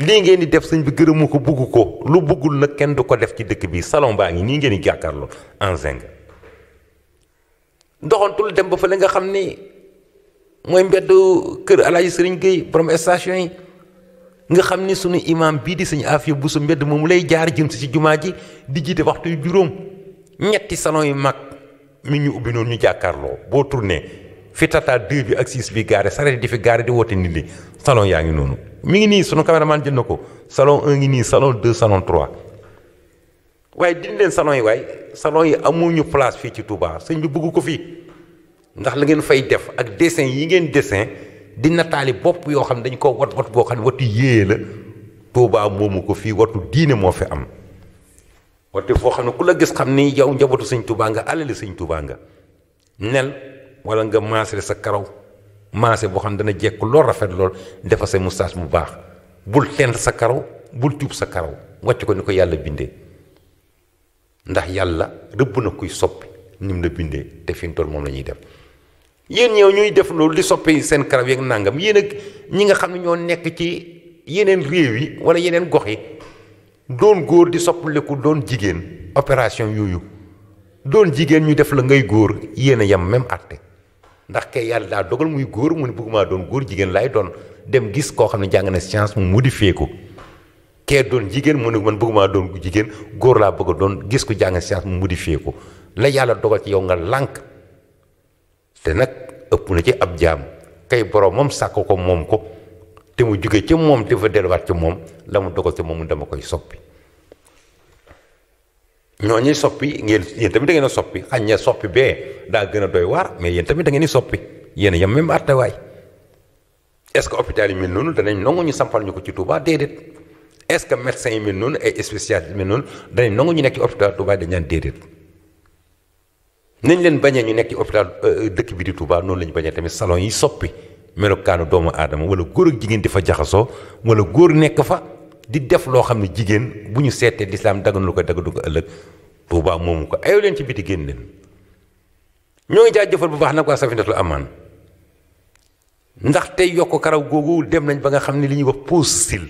lii ngeen di def sëñ bi gërëmu ko bugg ko lu buggul nag kenn du ko def ci dëkk bi salon baa ngi nii ngeen di jàkkaarloo en zinc doxantul dem ba fa la nga xam ni mooy mbedd kër alaaji sëriñ Gueye borom station yi nga xam ni sunu imam bii di sëñ Afia bu su mbedd moomu lay jaar jëm si ci jumaa ji di jiite waxtu yu juróom ñetti salon yu mag mi ñu ubbi noonu ñu jàkkaarloo boo tourné. fi tata 2 bi ak 6 bi garé saret di fi garé di woote nit ñi salon yaa ngi noonu mi ngi nii sunu maan jënd na ko salon a ngi nii salon 2 salon 3 waaye dindi leen salon yi waaye salon yi amuñu place fii ci Touba sëñ bi bëgg ko fii ndax la ngeen fay def ak dessin yi ngeen dessin di nataali bopp yoo xam ne dañ ko wat wat boo xam ne watu yéeye la Touba moomu ko fii watu diine moo fi am watu foo xam ne ku la gis xam ni yow njabootu sëñ Touba nga alali sëñ wala nga maasale sa karaw maase boo xam ne dana jekk lool rafet lool defal sa moustache bu baax bul tent sa karaw bul tuub sa karaw wàcc ko ni ko yàlla bindee ndax yàlla rëbb na kuy soppi ni mu la bindee te fi moom la ñuy def yéen ñëw ñuy def loolu di soppi seen karaw yeeg nàngam yéen ak ñi nga xam ne ñoo nekk ci yeneen réew yi wala yeneen gox yi doon góor di soppaliku doon jigéen opération yooyu doon jigéen ñu def la ngay góor yéen a yem même àtte ndax kay yàlla daa dogal muy góor mu ne bëgguma doon góor jigéen laay doon dem gis koo xam ne jàng na science mu modifié ko kee doon jigéen mu ne man maa doon jigéen góor laa bëgg doon gis ko jàng science mu di modifié ko la yàlla dogal ci yow nga lànk te nag ëpp na ci ab jaam kay borom moom sàkk ko moom ko te mu jóge ci moom dafa delluwaat ci moom la mu dogal ci moom dama koy soppi. ñoo ñuy soppi ngeen yéen tamit da ngeen a soppi xañ na soppi bee daa gën a doy waar mais yéen tamit da ngeen di soppi yéen yam même àttewaay est-ce que hôpital yi mel noonu danañ nangu ñu sampal ñu ko ci Touba déedéet est-ce que médecin yi mel noonu ay eh, spécialistes yi mel noonu danañ ñu nekk ci hôpital Touba dañ naan déedéet nañ leen bañee ñu nekk ci hôpital dëkk eh, bi di Touba noonu la ñu bañee tamit salon yi soppi melokaanu doomu aadama wala góor ak jigéen di fa jaxasoo wala góor nekk fa. di def loo xam ne jigéen bu ñu seetee lislaam dagganul ko daggadu ko ëllëg boobaa moomu ko ayoo ci biti génn leen ñoo ngi jaajëfal bu baax nag waa Safinatul Amaan ndax tey yokk karaw googu dem nañ ba nga xam ne li ñu wax pose sil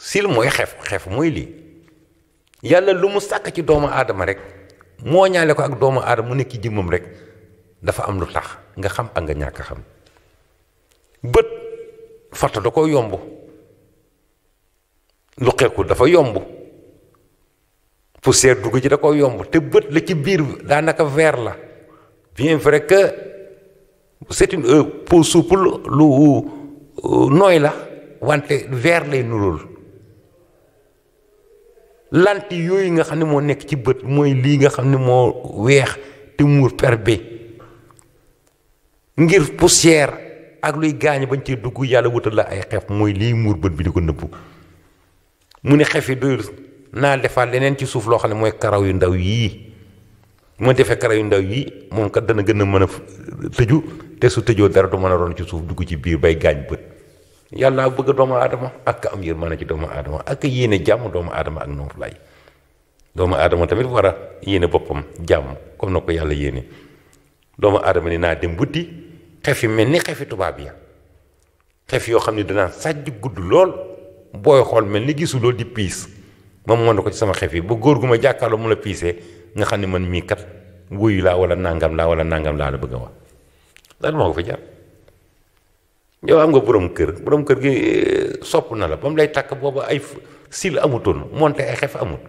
sil mooy xef xef mooy lii yàlla lu mu sàkk ci doomu aadama rek moo ñaale ko ak doomu aadama mu nekk ci jëmmam rek dafa am lu tax nga xam ak nga ñàkk xam bët fàtta da ko yomb luqeeku dafa yomb poussière dugg ci la ko yomb te bët la ci biir daanaka verre la bien vrai que c'est une euh, peau lu euh, nooy la wante ver lay nurul lant yooyu nga xam ne moo nekk ci bët mooy lii nga xam ni moo weex te muur per bi ngir poussière ak luy gaañ bañ ci dugg yàlla wutal la ay xef mooy lii muur bët bi di ko nëbbu mu ne xefi doyul naa defaat leneen ci suuf loo xam ne mooy karaw yu ndaw yii moo defee karaw yu ndaw yii moom kat dana gën a mën a tëju te su tëjoo dara du mën a ron ci suuf dugg ci biir bay gaañ bët yàlla bëgg doomu aadama ak am yërmande ci doomu aadama ak yéene jàmm doomu aadama ak noonu lay doomu aadama tamit war a yéene boppam jàmm comme na ko yàlla yéene doomu aadama ni naa dem buddi xef yi mel ni xefi tubaab ya xef yoo xam ne danaa sàjj gudd lool booy xool mel ni gisuloo di piis moom mën na ko ci sama xef yi ba góor gu ma jàkkaarloo mun a piisee nga xam ne man mii kat wuyu laa wala nangam laa wala nangam laa la bëgg a wax lan moo ko fa jar yow am nga borom kër borom kër gi eh, sopp na la ba mu takk booba ay sil monte ay xef amut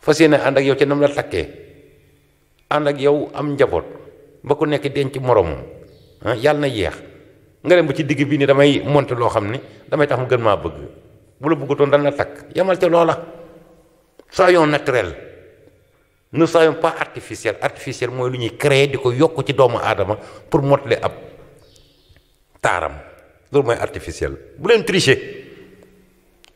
fas yéene ànd ak yow ca nam la takkee ànd ak yow am njaboot ba ku nekk denc moromam ah, yàlla na yeex nga dem ba ci digg bii ni damay monter loo xam ne damay tax mu gën maa bëgg bu la bëggatoon dan na takk yamal te loola soyons naturels ne soyons pas artificiels artificiel mooy lu ñuy créer di ko yokk ci doomu aadama pour mottali ab taaram loolu mooy artificiel bu leen tricher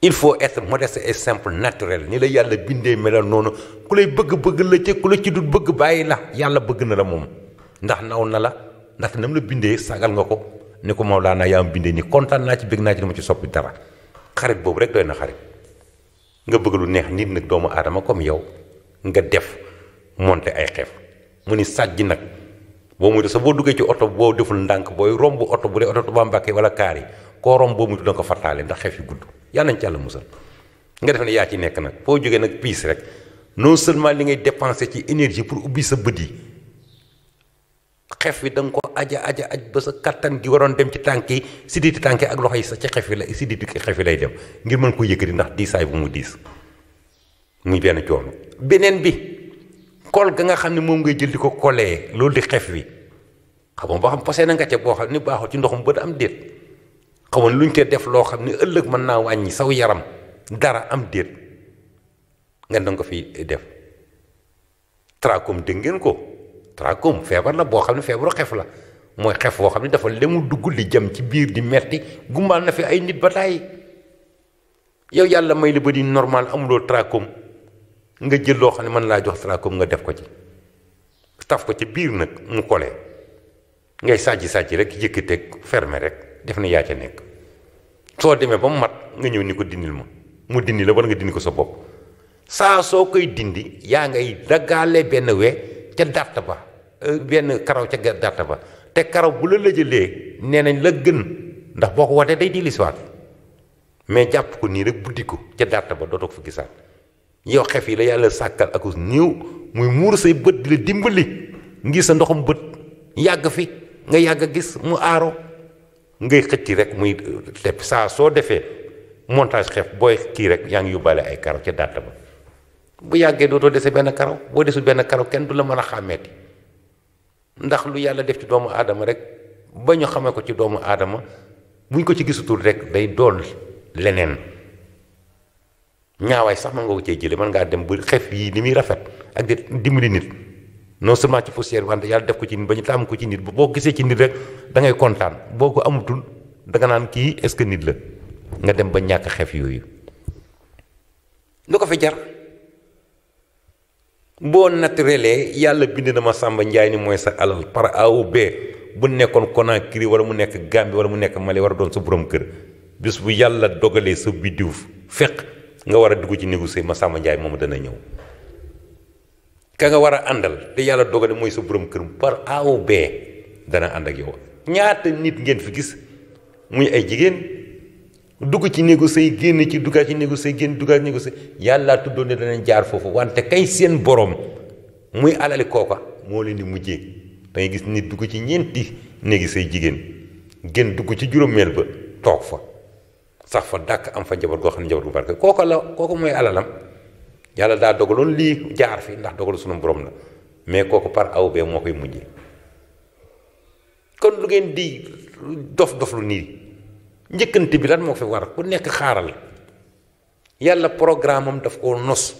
il faut être modeste et simple naturel ni la yàlla bindee melal noonu ku lay bëgg bëgg la ca ku la ci dul bëgg bàyyi la yàlla bëgg na la moom ndax naw na la ndax nam la bindee sagal nga ko. ni ko Maolana yaa am bindee ni kontaan naa ci bëgg naa ci dama ci soppi dara xarit boobu rek doy na xarit nga bëgg lu neex nit nag doomu aadama comme yow nga def monte ay xef mu ni sàjj nag boo muy sa boo duggee ci oto boo deful ndànk booy romb oto bu dee oto Tuubaa Mbàkke wala kaar yi koo romb boo muy da nga ko fattaale ndax xeef yu gudd yàlla nañ ci yàlla musal nga def ne yaa ci nekk nag boo jógee nag piis rek non seulement li ngay dépensé ci énergie pour ubbi sa bët yi xef wi da nga ko aja aja aj ba sa kattan gi waroon dem ci tànk yi sidditi tànk yi ak loxo yi sax ci xef wi la sidditi xef wi lay dem ngir mën koo yëkkati ndax diisaay bu mu diis muy benn coono beneen bi kool ga nga xam ne moom ngay jël di ko kolee loolu di xef wi xamoon boo xam posé na nga ca boo xam ni baaxul ci ndoxum ba da am déet xamoon luñ te def loo xam ne ëllëg mën naa wàññi saw yaram dara am déet ngeen danga ko fi def tracom dégg ngeen ko trachome feebar la boo xam ne feebaru xef la mooy xef boo xam ne dafa lemu dugg li jëm ci biir di metti gumbaal na fi ay nit ba tàyyi yow yàlla may la ba di normal amuloo trachome nga jël loo xam ne mën laa jox trachome nga def ko ci taf ko ci biir nag mu kole ngay sàjj sàjj rek yëkkateeg ferme rek def na yaa ca nekk soo demee ba mu mat nga ñëw ni ko dindil ma mu dindi la wala nga dindi ko sa bopp saa soo koy dindi yaa ngay daggaale benn we ca dàtt ba euh, benn karaw ca dàtt ba te karaw bu la lëjalee nee nañ la gën ndax boo ko watee day dellusiwaat mais jàpp ko nii rek buddi ko ca dàtt ba dootoo ko fa gisaat yow xef yi la yàlla sàkkal ak niiw muy muur say bët di la dimbali ngir sa ndoxum bët yàgg fi nga yàgg a gis mu aaro ngay xëcc rek muy euh, tepp saa soo defee montage xef booy kii rek yaa ngi yóbbaale ay karaw ca dàtt ba bu yàggee dootoo dese benn karaw boo desul benn karaw kenn du la mën a xàmmeeti ndax lu yàlla def ci doomu aadama rek ba ñu xamee ko ci doomu aadama buñ ko ci gisutul rek day dool leneen ñaawaay sax mën nga ko cee jële mën ngaa dem ba xef yii ni muy rafet ak di dimbali nit non seulement ci wante yàlla def ko ci nit ba ñu taamu ko ci nit boo gisee ci nit rek da ngay kontaan boo ko amatul danga naan kii est la nga dem ba ñàkk xef yooyu lu ko fi jar. boo naturelé yàlla bind na ma sàmba Ndiaye ni mooy sa alal par A ou B bu nekkoon Conakry wala mu nekk Gambie wala mu nekk Mali war a doon sa borom kër bis bu yàlla dogalee sa biddiw feq nga war a dugg ci négocier ma Samba Ndiaye moomu dana ñëw ka nga war a àndal te yàlla dogale mooy sa borom kër par A ou dana ànd ak yow ñaata nit ngeen fi gis muy ay jigéen. dugg ci néegu sëy génn ci duggaat ci néegu sëy génn duggaat ci néegu sëy yàlla tuddoon ne danañ jaar foofu wante kay seen borom muy alali kooka moo leen di mujjee da gis nit dugg ci ñeenti néegi sëy jigéen génn dugg ci juróomeel ba toog fa sax fa dàkk am fa njaboot goo xam ne njaboot gu barke kooka la kooka muy alalam yàlla daa dogaloon lii jaar fi ndax dogalu sunu boroom la mais kooku par aw bee moo koy mujjee kon lu di dof dof lu nii njëkkante bi lan moo fi war ku nekk xaaral yàlla programme am daf koo nos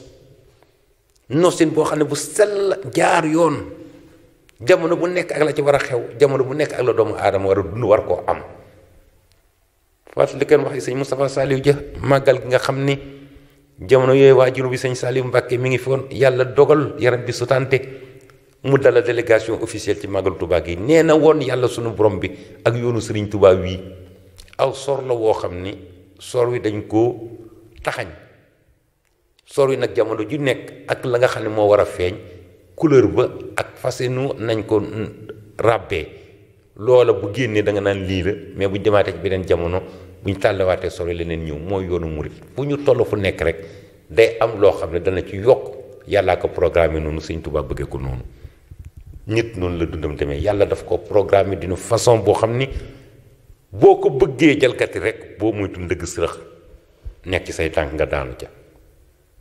nosin boo xam ne bu sell jaar yoon jamono bu nekk ak la ci war a xew jamono bu nekk ak la doomu aadama war a dund war koo am fàttali li kenn wax sëñ Moustapha Saliou Dia màggal gi nga xam ni jamono yooyu waajur bi sëñ Saliou Mbàkke mi ngi fi woon yàlla dogal yaram bi sutante mu dala délégation officielle ci màggalu Touba gi nee na woon yàlla sunu borom bi ak yoonu Serigne Touba wii aw sor la woo xam ni sor wi dañ koo taxañ sor wi nag jamono ju nekk ak la nga xam ne moo war a feeñ couleur ba ak fasinu nañ ko ràbbee loola bu génnee da nga naan lii la mais buñ demaatee ci beneen jamono buñ tàllawaatee sor leneen ñëw mooy yoonu murit fu ñu toll fu nekk rek day am loo xam ne dana ci yokk yàllaa ko programme noonu sëñ Tuubaa bëggee ko noonu nit noonu la dundam demee yàlla daf ko programme d'une façon boo xam ni boo ko bëggee jalkati rek boo moytu ndëgg sërëx nekk ci say tànk nga daanu ca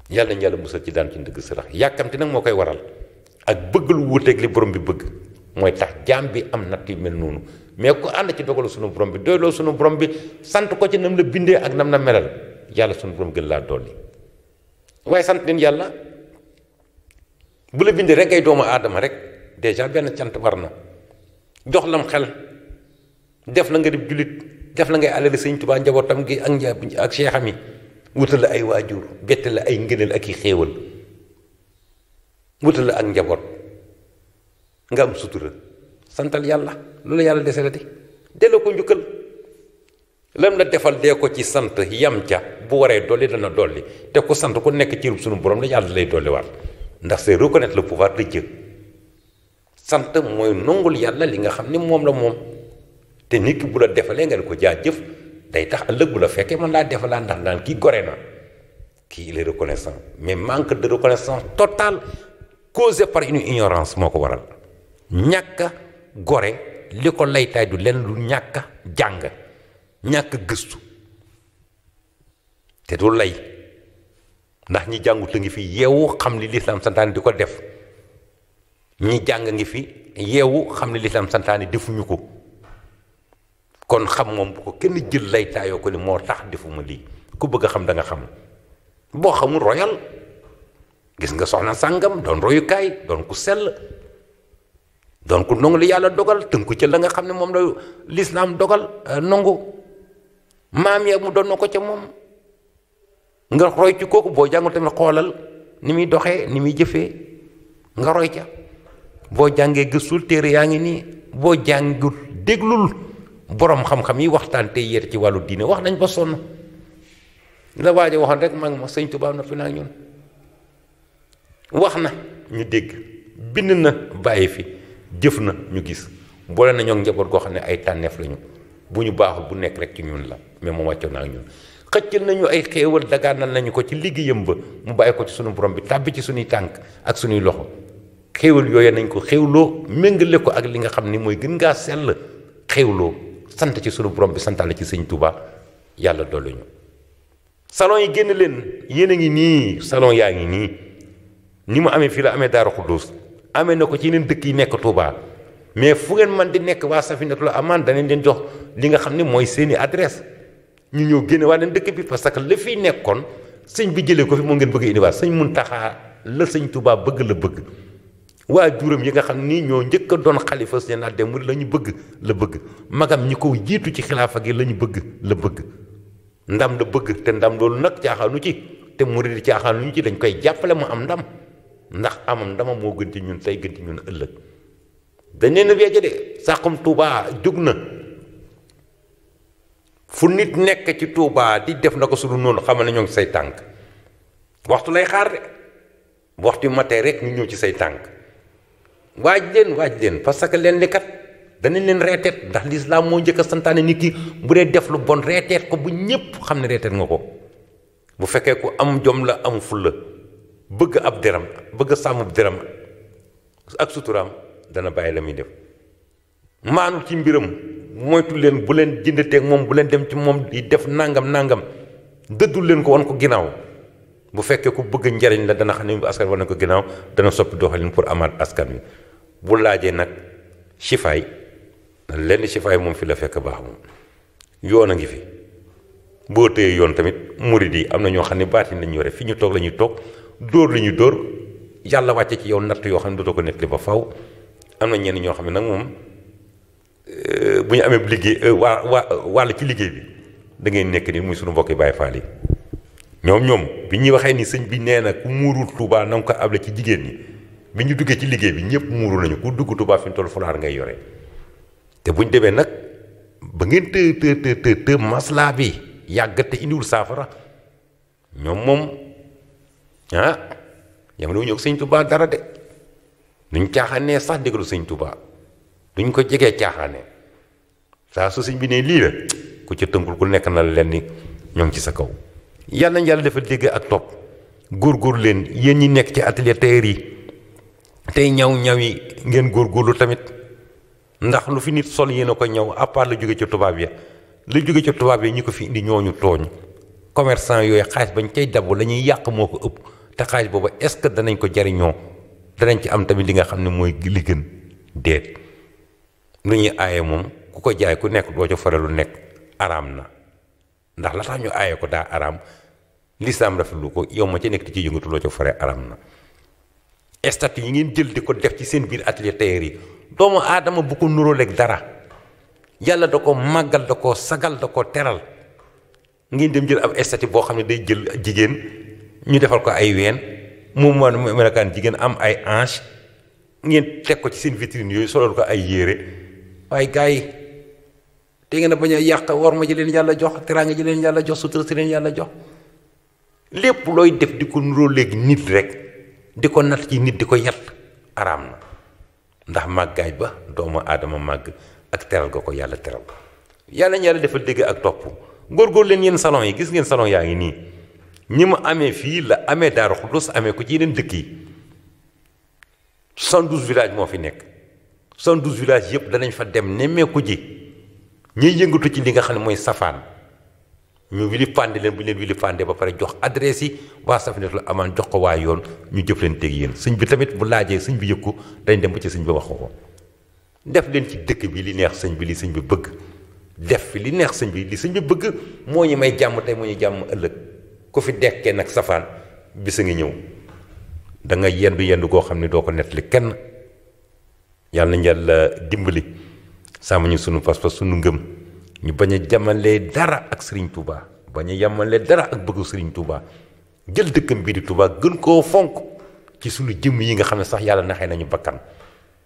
yàlla nañ yàlla musal ci daan ci ndëgg sërëx yàkkamti nag moo koy waral ak bëgg lu wuuteeg li borom bi bëgg mooy tax jaam bi am natt yu mel noonu mais ku ànd ci dogalu sunu borom bi doyloo sunu borom bi sant ko ci nam bindee ak nam la melal yàlla sunu borom gën laa dolli waaye sant leen yàlla bu la bindee rek ay doomu aadama rek dèjà benn cant war na jox lam xel. def la nga dib jullit la ngay alal sëñ Tuubaa njabootam gi ak njaab ak seexam yi wutal la ay waajur bett la ay ngëneel ak i xéewal wutal la ak njaboot nga am sutura santal yàlla loolu yàlla de la di ko njukkal lam la defal dee ko ci sant yam ca bu waree dolli dana dolli te ko sant ko nekk ci sunu borom la yàlla lay dolli waat ndax c'est reconnaître le pouvoir de Dieu sant mooy nongul yàlla li nga xam ni moom la moom te nit ki bu la defalee nga ne ko jëf day tax ëllëg bu la fekkee mën laa defalaa ndax naan kii gore na kii il est mais manque de reconnaissance totale causé par une ignorance moo ko waral ñàkk gore li ko laytaay du lenn lu ñàkk jàng ñàkk a gëstu te du lay ndax ñi jàngut ngi fi yeewu xam li lislaam santaane di ko def ñi jàng ngi fi yeewu xam li lislaam santaane defuñu ko kon xam moom bu ko kenn jël lay taayoo ko ni moo tax defuma lii ku bëgg xam danga xam boo xamul royal gis nga soxna sàngam doon royukaay doon ku sell doon ku nangu li yàlla dogal tënku ca la nga xam ne moom la lislaam dogal euh, nangu maam ya mu doon na ko ca moom nga roy ci kooku boo jàngul tamit xoolal ni muy doxee ni muy jëfee nga roy ca boo jàngee gëstul téere yaa ngi nii boo jàngul déglul borom xam-xam yi waxtaan tey yéer ci wàllu diine wax nañ ba sonn la waaja waxoon rek mag ma sëñ Tuubaa noppi naa ñun wax na ñu dégg bind na bàyyi fi jëf na ñu gis boole na ñoo njaboot goo xam ne ay tànneef lañu bu ñu baaxul bu nekk rek ci ñun la mais moom wàccoon naa ñun xëccal nañu ay xéewal dagaanal nañu ko ci liggéeyam ba mu bàyyi ko ci sunu borom bi tàbbi ci suñuy tànk ak suñuy loxo xéewal yooyu nañ ko xéewloo méngale ko ak li nga xam ni mooy gën ngaa sell xéewloo sant ci sunu borom bi santaale ci sëñ Touba yàlla dollu ñu salon yi génn leen yéen a ngi nii salon yaa ngi nii ni mu amee fii la amee Daaru Xuddus amee na ko ci yeneen dëkk yi nekk Touba mais fu ngeen man di nekk waa Safinatul Amaan danañ leen jox li nga xam ne mooy seeni adresse ñu ñëw génne waa leen dëkk bi parce que la fiy nekkoon sëñ bi jëlee ko fi moo ngeen bëgg indiwaat sëñ mun taxaa la sëñ Touba bëgg la bëgg waa waajuram yi nga xam ni ñoo njëkk doon xalifa seen adde mu la ñu bëgg la bëgg magam ñi ko jiitu ci xilaafa gi la ñu bëgg la bëgg ndam la bëgg te ndam loolu nag caaxaanu ci te murid caaxaanu ñu ci dañ koy jàppale mu am ndam ndax amam ndama moo gën ci ñun tey gën ci ñun ëllëg dañ leen weeje de Saxum Touba jóg na fu nit nekk ci tuubaa di def na ko sunu noonu xamal ne ñoo ngi say tànk waxtu lay xaar de waxtu matee rek ñu ñëw ci say tànk waaj leen waaj leen parce que leen li kat danañ leen reeteet ndax lislaam moo njëkk a santaane nit ki bu dee def lu bon reeteet ko bu ñépp xam ne reeteet nga ko bu fekkee ku am jom la am fulla bëgg ab deram bëgg sàmm deram ak suturaam dana bàyyi la muy def maanu ci mbiram moytu leen bu leen jëndateeg moom bu leen dem ci moom di def nangam nangam dëddul leen ko ko ginnaaw bu fekkee ku bëgg njariñ la dana xam ne askan war na ko ginnaaw dana soppi doxalin pour amaat askan wi bu laajee nag sifaay lenn sifaay moom fi la fekk baax moom yoon a ngi fi boo tëyee yoon tamit murid yi am na ñoo xam ne baatin lañu yore fi ñu toog la ñuy toog dóor li ñu dóor yàlla wàcce ci yow natt yoo xam ne dootoo ko nekk nettali ba faw am na ñenn ñoo xam ne nag moom euh, bu ñu amee liggéey euh, waa waa wàll ci liggéey bi da ngay nekk ni muy suñu mbokki Baay Faal yi ñoom ñoom bi ñuy waxee ni sëñ bi nee nag ku muurul Tuubaa na nga ko able ci jigéen ñi bi ñu duggee ci liggéey bi ñëpp muuru nañu ku dugg Tuubaa fi mu toll fulaar ngay yore te bu ñu demee nag ba ngeen të të të të maslaa bi yàgg te indiwul saafara ñoom moom ah yam lu ñëw sëñ Tuubaa dara de duñ caaxaanee sax déglu sëñ Tuubaa duñ ko jegee caaxaanee saa su sëñ bi ne lii la ku ca tënkul ku nekk na leen ni ñoo ngi ci sa kaw. yàlla na yàlla dafa dégg ak topp góor leen yéen ñi nekk ci atelier yi. tey ñaw ñaw yi ngeen góorlu tamit ndax lu fi nit sol yéen a ko ñaw à la jóge ca tubaab ya la jóge ca tubaab ya ñi ko fi indi ñooñu tooñ commerçant yooyu xaalis bañ cay dabu lañuy yàq moo ko ëpp te booba est-ce que danañ ko jariñoo danañ ci am tamit li nga xam ne mooy li gën déet ñuy aaye moom ku ko jaay ku nekk doo ca lu nekk araam na ndax la tax ñu aaye ko daa araam lislaam rafetlu ko yow ma ca nekk di ci yëngatu loo ca fare araam na statut yi ngeen jël di ko def ci seen biir atelier tailleur yi doomu aadama bu ko nuróoleeg dara yàlla da ko màggal da ko sagal da ko teral ngeen dem jël ab statut boo xam ne day jël jigéen ñu defal ko ay ween moom man melokaan jigéen am ay hanche ngeen teg ko ci seen vitrine yooyu solol ko ay yére waaye gars yi te ngeen a bañ a yàq war ma jëleen yàlla jox teraanga ji leen yàlla jox sutura si leen yàlla jox lépp looy def di ko nuróoleeg nit rek di ko nat ci nit di ko yat araam na ndax màggaay ba doomu aadama màgg ak teral ga ko yàlla teral yàlla ñu yàlla dafa dégg ak topp góorgóor leen yéen salon yi gis ngeen salon yaa ngi nii ñi ma amee fii la amee Daaru Xudus amee ku ci yeneen dëkk yi 112 village moo fi nekk 112 village yëpp danañ fa dem nemmeeku ji ñuy yëngatu ci li nga xam ne mooy safaan ñu wili fànde leen bu ñu leen wili fànde ba pare jox adresse yi waa Safinatul amaan jox ko waa yoon ñu jëflanteeg yéen sëñ bi tamit bu laajee sëñ bi yëkku dañ dem ba ci sëñ bi wax ko ko def leen ci dëkk bi li neex sëñ bi li sëñ bi bëgg def fi li neex sëñ bi li sëñ bi bëgg moo ñi may jàmm tey moo ñu jàmm ëllëg ku fi dekkee nag safaan bi a ngi ñëw da nga yendu yendu goo xam ne doo ko nettali kenn yàlla nañ yàlla dimbali sàmm ñu sunu fas fas sunu ngëm. ñu bañ a jamalee dara ak Serigne Touba bañ a yamalee dara ak bëggu Serigne Touba jël dëkkam bii di Touba gën koo fonk ci suñu jëmm yi nga xam ne sax yàlla naxee nañu bakkan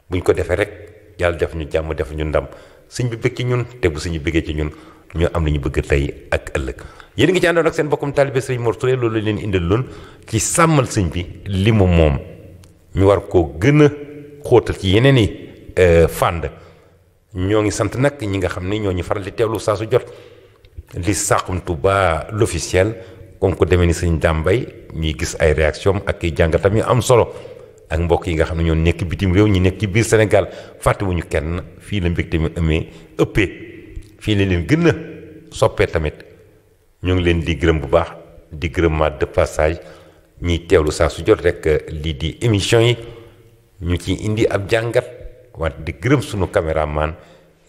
buñ ko defee rek yàlla def ñu jàmm def ñu ndam sëñ bi bëgg ci ñun te bu sëñ bi bëggee ci ñun ñoo am li ñu bëgg tey ak ëllëg yéen ngi ci àndoon ak seen bokkum taalibe Serigne Mor Touré loolu leen indil loon ci sàmmal sëñ bi li mu moom ñu war koo gën a xóotal ci yeneen i euh, fànd ñoo ngi sant nag ñi nga xam ne ñoo ñu faral di teewlu saa su jot li Saxum Touba l'officiel comme demee ni sëñ dàmbay ñuy gis ay réaction ak i jàngatam yu am solo ak mbokk yi nga xam ne ñoo nekk bitim réew ñi nekk ci biir Sénégal fàttewuñu kenn fii la mbégte mi amee ëppee fii la leen gën a soppee tamit ñoo ngi leen di gërëm bu baax di gërëmaat de passage ñiy teewlu saa su jot rek lii di émission yi ñu ci indi ab jàngat wante di gërëm sunu caméraman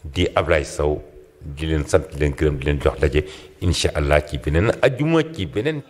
di Ablaye Sow di leen sant di leen gërëm di leen jox daje incha allah ci beneen ajuma ci beneen.